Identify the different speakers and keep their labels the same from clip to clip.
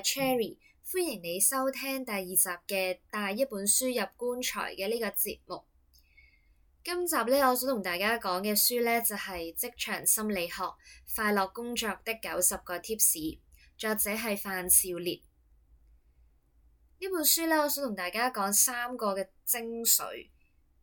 Speaker 1: Cherry，歡迎你收聽第二集嘅帶一本書入棺材嘅呢個節目。今集呢，我想同大家講嘅書呢，就係、是《職場心理學：快樂工作的九十個貼士》，作者係樊紹烈。呢本書呢，我想同大家講三個嘅精髓。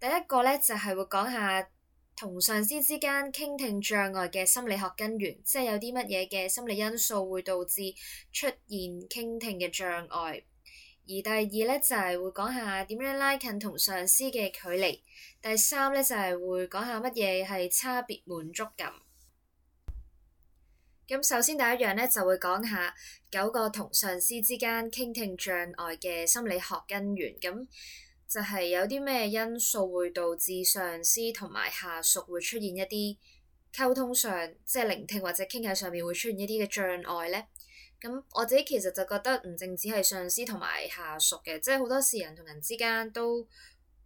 Speaker 1: 第一個呢，就係、是、會講下。同上司之間傾聽障礙嘅心理學根源，即係有啲乜嘢嘅心理因素會導致出現傾聽嘅障礙。而第二呢，就係會講下點樣拉近同上司嘅距離。第三呢，就係會講下乜嘢係差別滿足感。咁首先第一樣呢，就會講下九個同上司之間傾聽障礙嘅心理學根源。咁就係有啲咩因素會導致上司同埋下屬會出現一啲溝通上，即係聆聽或者傾偈上面會出現一啲嘅障礙呢？咁我自己其實就覺得唔淨止係上司同埋下屬嘅，即係好多時人同人之間都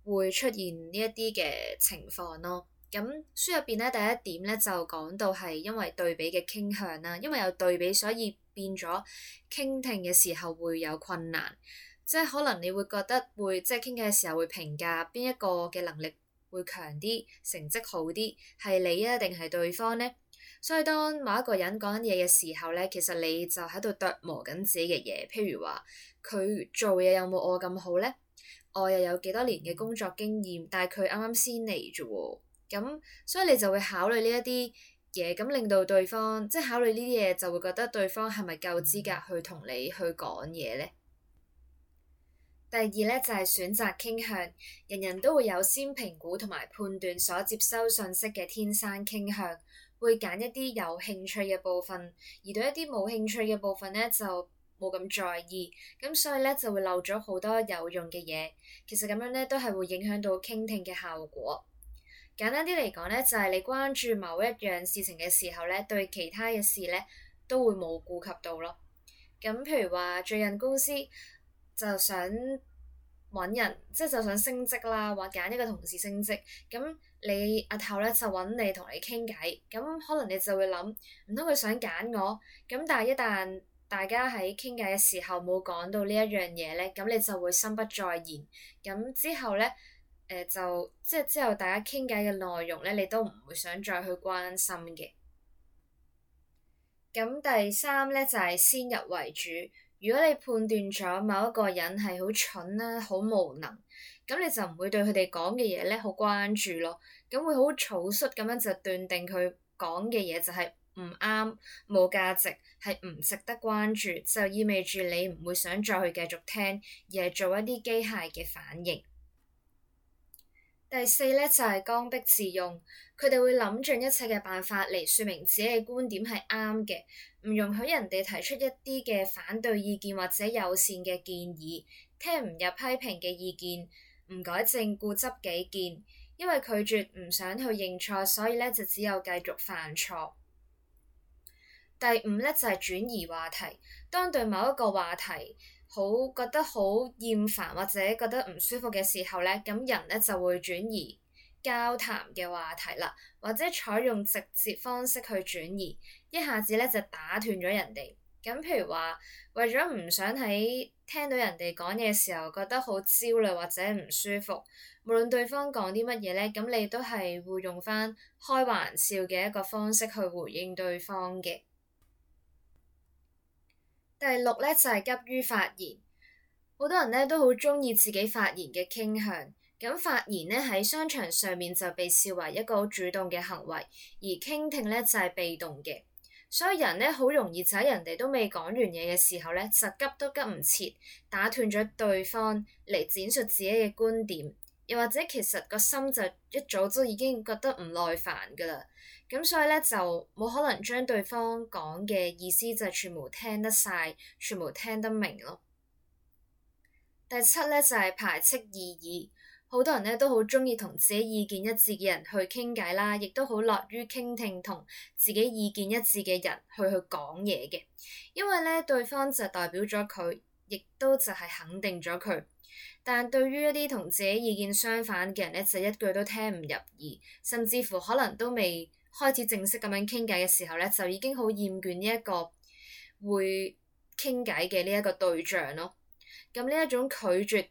Speaker 1: 會出現呢一啲嘅情況咯。咁書入邊咧第一點咧就講到係因為對比嘅傾向啦，因為有對比所以變咗傾聽嘅時候會有困難。即係可能你會覺得會即係傾偈嘅時候會評價邊一個嘅能力會強啲，成績好啲係你啊定係對方呢？所以當某一個人講嘢嘅時候呢，其實你就喺度琢磨緊自己嘅嘢，譬如話佢做嘢有冇我咁好呢？我又有幾多年嘅工作經驗，但係佢啱啱先嚟啫喎。咁所以你就會考慮呢一啲嘢，咁令到對方即係考慮呢啲嘢就會覺得對方係咪夠資格去同你去講嘢呢？第二咧就係、是、選擇傾向，人人都會有先評估同埋判斷所接收信息嘅天生傾向，會揀一啲有興趣嘅部分，而對一啲冇興趣嘅部分咧就冇咁在意，咁所以咧就會漏咗好多有用嘅嘢。其實咁樣咧都係會影響到傾聽嘅效果。簡單啲嚟講咧，就係、是、你關注某一樣事情嘅時候咧，對其他嘅事咧都會冇顧及到咯。咁譬如話，最近公司，就想揾人，即係就想升職啦，或揀一個同事升職。咁你阿頭呢，就揾你同你傾偈，咁可能你就會諗唔通佢想揀我。咁但係一旦大家喺傾偈嘅時候冇講到呢一樣嘢呢，咁你就會心不在焉。咁之後呢，誒、呃、就即係之後大家傾偈嘅內容呢，你都唔會想再去關心嘅。咁第三呢，就係先入為主。如果你判斷咗某一個人係好蠢啦、啊、好無能，咁你就唔會對佢哋講嘅嘢呢好關注咯，咁會好草率咁樣就斷定佢講嘅嘢就係唔啱、冇價值、係唔值得關注，就意味住你唔會想再去繼續聽，而係做一啲機械嘅反應。第四呢就係剛愎自用，佢哋會諗盡一切嘅辦法嚟說明自己嘅觀點係啱嘅，唔容許人哋提出一啲嘅反對意見或者友善嘅建議，聽唔入批評嘅意見，唔改正固執己見，因為拒絕唔想去認錯，所以呢就只有繼續犯錯。第五呢就係轉移話題，當對某一個話題，好覺得好厭煩或者覺得唔舒服嘅時候呢，咁人呢就會轉移交談嘅話題啦，或者採用直接方式去轉移，一下子呢就打斷咗人哋。咁譬如話，為咗唔想喺聽到人哋講嘢嘅時候覺得好焦慮或者唔舒服，無論對方講啲乜嘢呢，咁你都係會用翻開玩笑嘅一個方式去回應對方嘅。第六呢，就係、是、急於發言，好多人呢，都好鍾意自己發言嘅傾向。咁發言呢，喺商場上面就被視為一個好主動嘅行為，而傾聽呢，就係、是、被動嘅。所以人呢，好容易就喺人哋都未講完嘢嘅時候呢，就急都急唔切，打斷咗對方嚟展述自己嘅觀點。又或者其實個心就一早就已經覺得唔耐煩㗎啦，咁所以呢，就冇可能將對方講嘅意思就全部聽得晒，全部聽得明咯。第七呢，就係排斥異議，好多人呢，都好中意同自己意見一致嘅人去傾偈啦，亦都好樂於傾聽同自己意見一致嘅人去去講嘢嘅，因為呢，對方就代表咗佢，亦都就係肯定咗佢。但對於一啲同自己意見相反嘅人呢，就一句都聽唔入耳，甚至乎可能都未開始正式咁樣傾偈嘅時候呢，就已經好厭倦呢一個會傾偈嘅呢一個對象咯。咁、嗯、呢一種拒絕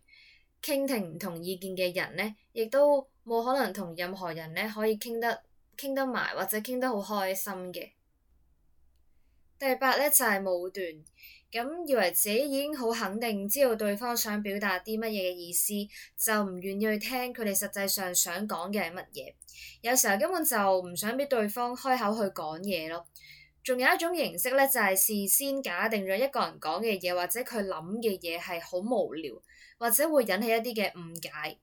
Speaker 1: 傾聽唔同意見嘅人呢，亦都冇可能同任何人呢，可以傾得傾得埋或者傾得好開心嘅。第八呢，就係、是、武斷。咁以為自己已經好肯定，知道對方想表達啲乜嘢嘅意思，就唔願意去聽佢哋實際上想講嘅係乜嘢。有時候根本就唔想俾對方開口去講嘢咯。仲有一種形式呢，就係事先假定咗一個人講嘅嘢或者佢諗嘅嘢係好無聊，或者會引起一啲嘅誤解。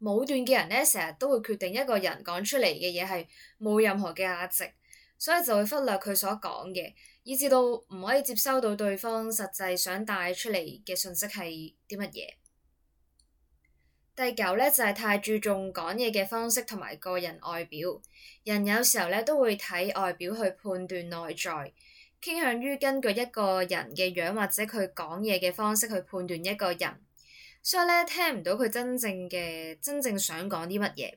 Speaker 1: 武斷嘅人呢，成日都會決定一個人講出嚟嘅嘢係冇任何嘅價值，所以就會忽略佢所講嘅。以至到唔可以接收到對方實際想帶出嚟嘅訊息係啲乜嘢。第九呢，就係太注重講嘢嘅方式同埋個人外表，人有時候呢，都會睇外表去判斷內在，傾向於根據一個人嘅樣或者佢講嘢嘅方式去判斷一個人，所以呢，聽唔到佢真正嘅真正想講啲乜嘢。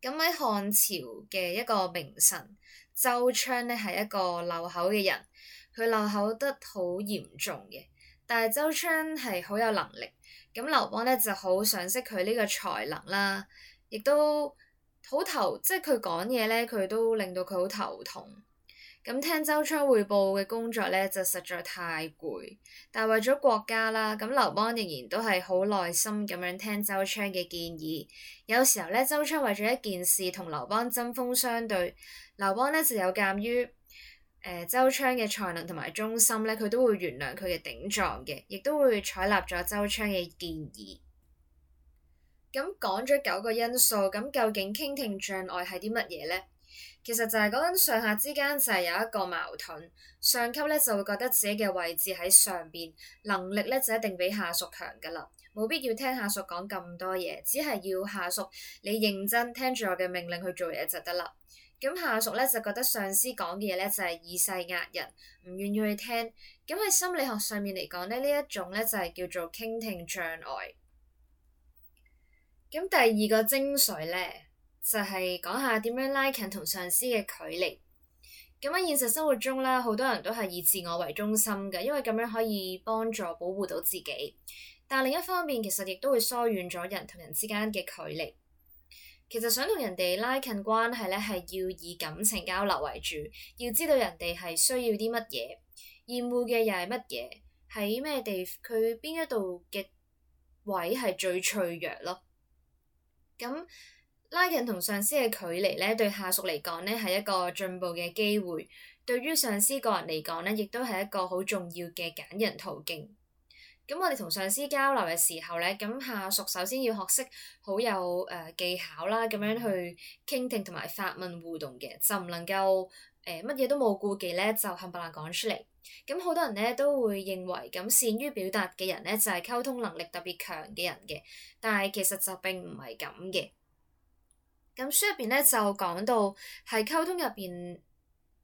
Speaker 1: 咁喺漢朝嘅一個名臣。周昌呢係一個漏口嘅人，佢漏口得好嚴重嘅，但係周昌係好有能力，咁劉邦呢就好賞識佢呢個才能啦，亦都好頭，即係佢講嘢呢，佢都令到佢好頭痛。咁聽周昌匯報嘅工作呢，就實在太攰。但係為咗國家啦，咁劉邦仍然都係好耐心咁樣聽周昌嘅建議。有時候呢，周昌為咗一件事同劉邦針鋒相對，劉邦呢就有鑑於誒、呃、周昌嘅才能同埋忠心呢，佢都會原諒佢嘅頂撞嘅，亦都會採納咗周昌嘅建議。咁講咗九個因素，咁究竟傾聽障礙係啲乜嘢呢？其實就係講緊上下之間就係有一個矛盾，上級呢就會覺得自己嘅位置喺上邊，能力呢就一定比下屬強噶啦，冇必要聽下屬講咁多嘢，只係要下屬你認真聽住我嘅命令去做嘢就得啦。咁下屬呢就覺得上司講嘅嘢呢就係以勢壓人，唔願意去聽。咁喺心理學上面嚟講呢，呢一種呢就係叫做傾聽障礙。咁第二個精髓呢。就係講下點樣拉近同上司嘅距離。咁喺現實生活中咧，好多人都係以自我為中心嘅，因為咁樣可以幫助保護到自己。但另一方面，其實亦都會疏遠咗人同人之間嘅距離。其實想同人哋拉近關係咧，係要以感情交流為主，要知道人哋係需要啲乜嘢，厭惡嘅又係乜嘢，喺咩地佢邊一度嘅位係最脆弱咯。咁拉近同上司嘅距離呢，對下屬嚟講呢，係一個進步嘅機會；對於上司個人嚟講呢，亦都係一個好重要嘅揀人途徑。咁我哋同上司交流嘅時候呢，咁下屬首先要學識好有誒技巧啦，咁樣去傾聽同埋發問互動嘅，就唔能夠誒乜嘢都冇顧忌呢，就冚唪唥講出嚟。咁好多人呢，都會認為咁善於表達嘅人呢，就係溝通能力特別強嘅人嘅，但係其實就並唔係咁嘅。咁書入邊咧就講到喺溝通入邊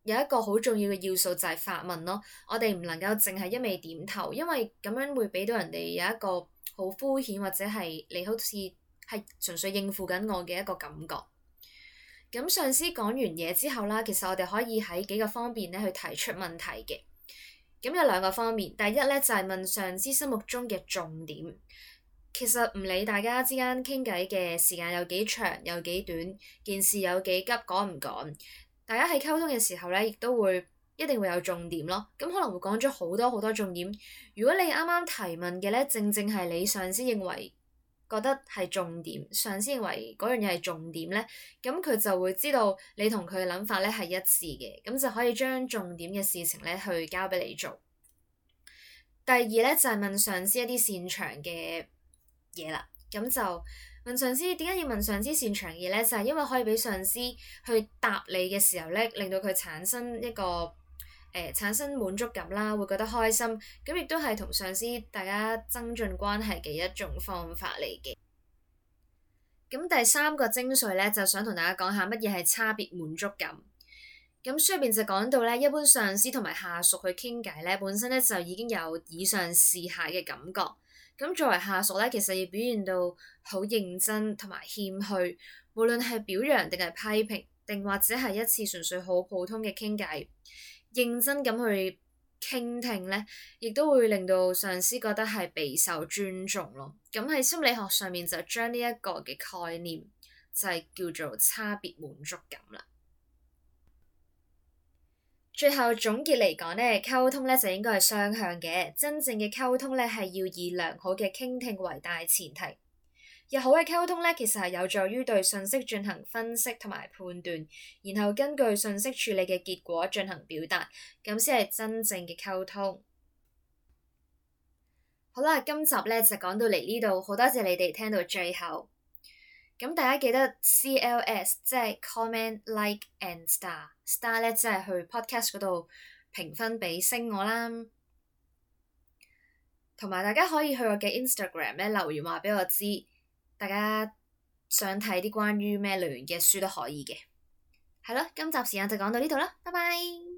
Speaker 1: 有一個好重要嘅要素，就係發問咯。我哋唔能夠淨係一味點頭，因為咁樣會俾到人哋有一個好敷衍或者係你好似係純粹應付緊我嘅一個感覺。咁上司講完嘢之後啦，其實我哋可以喺幾個方面咧去提出問題嘅。咁有兩個方面，第一咧就係問上司心目中嘅重點。其實唔理大家之間傾偈嘅時間有幾長，有幾短，件事有幾急趕唔趕，大家喺溝通嘅時候呢，亦都會一定會有重點咯。咁可能會講咗好多好多重點。如果你啱啱提問嘅呢，正正係你上司認為覺得係重點，上司認為嗰樣嘢係重點呢，咁佢就會知道你同佢嘅諗法呢係一致嘅，咁就可以將重點嘅事情呢去交俾你做。第二呢，就係問上司一啲擅長嘅。嘢啦，咁就問上司。點解要問上司擅長嘢呢？就係因為可以俾上司去答你嘅時候呢，令到佢產生一個誒、呃、產生滿足感啦，會覺得開心。咁亦都係同上司大家增進關係嘅一種方法嚟嘅。咁第三個精髓呢，就想同大家講下乜嘢係差別滿足感。咁書入邊就講到呢，一般上司同埋下屬去傾偈呢，本身呢就已經有以上視下嘅感覺。咁作為下屬呢，其實要表現到好認真同埋謙虛，無論係表揚定係批評，定或者係一次純粹好普通嘅傾偈，認真咁去傾聽呢，亦都會令到上司覺得係備受尊重咯。咁喺心理學上面就將呢一個嘅概念就係叫做差別滿足感啦。最後總結嚟講呢，溝通呢就應該係雙向嘅。真正嘅溝通呢係要以良好嘅傾聽為大前提。又好嘅溝通呢，其實係有助於對信息進行分析同埋判斷，然後根據信息處理嘅結果進行表達，咁先係真正嘅溝通。好啦，今集呢就講到嚟呢度，好多謝你哋聽到最後。咁大家記得 CLS 即係 comment like and star star 呢，即係、就是、去 podcast 嗰度評分俾星我啦。同埋大家可以去我嘅 Instagram 呢，留言話俾我知，大家想睇啲關於咩類型嘅書都可以嘅。係咯，今集時間就講到呢度啦，拜拜。